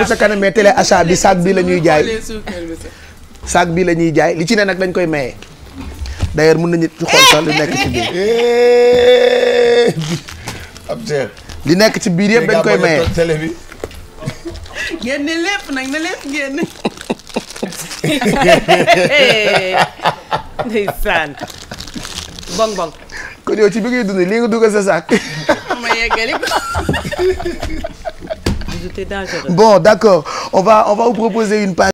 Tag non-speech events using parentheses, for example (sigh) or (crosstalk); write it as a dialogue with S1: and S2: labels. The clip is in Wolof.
S1: bu sa kanamee télé achat bi saag bi la ñuy jaay saak bii la ñuy jaay li ci ne nag dañ koy maye d'ailleurs mën nañu xool lu nekk ci biir eh!
S2: ab li nekk ci biir yëpp dañ koy maye télé bi
S3: génne lépp nag na lépp génne ndeysaan
S4: bong bong kon ci bi ngay dund lii nga dugal sa saak
S5: (laughs) ma yeggali ko (laughs) résulter dangereux.
S4: Bon,
S6: d'accord. On va on va vous proposer une page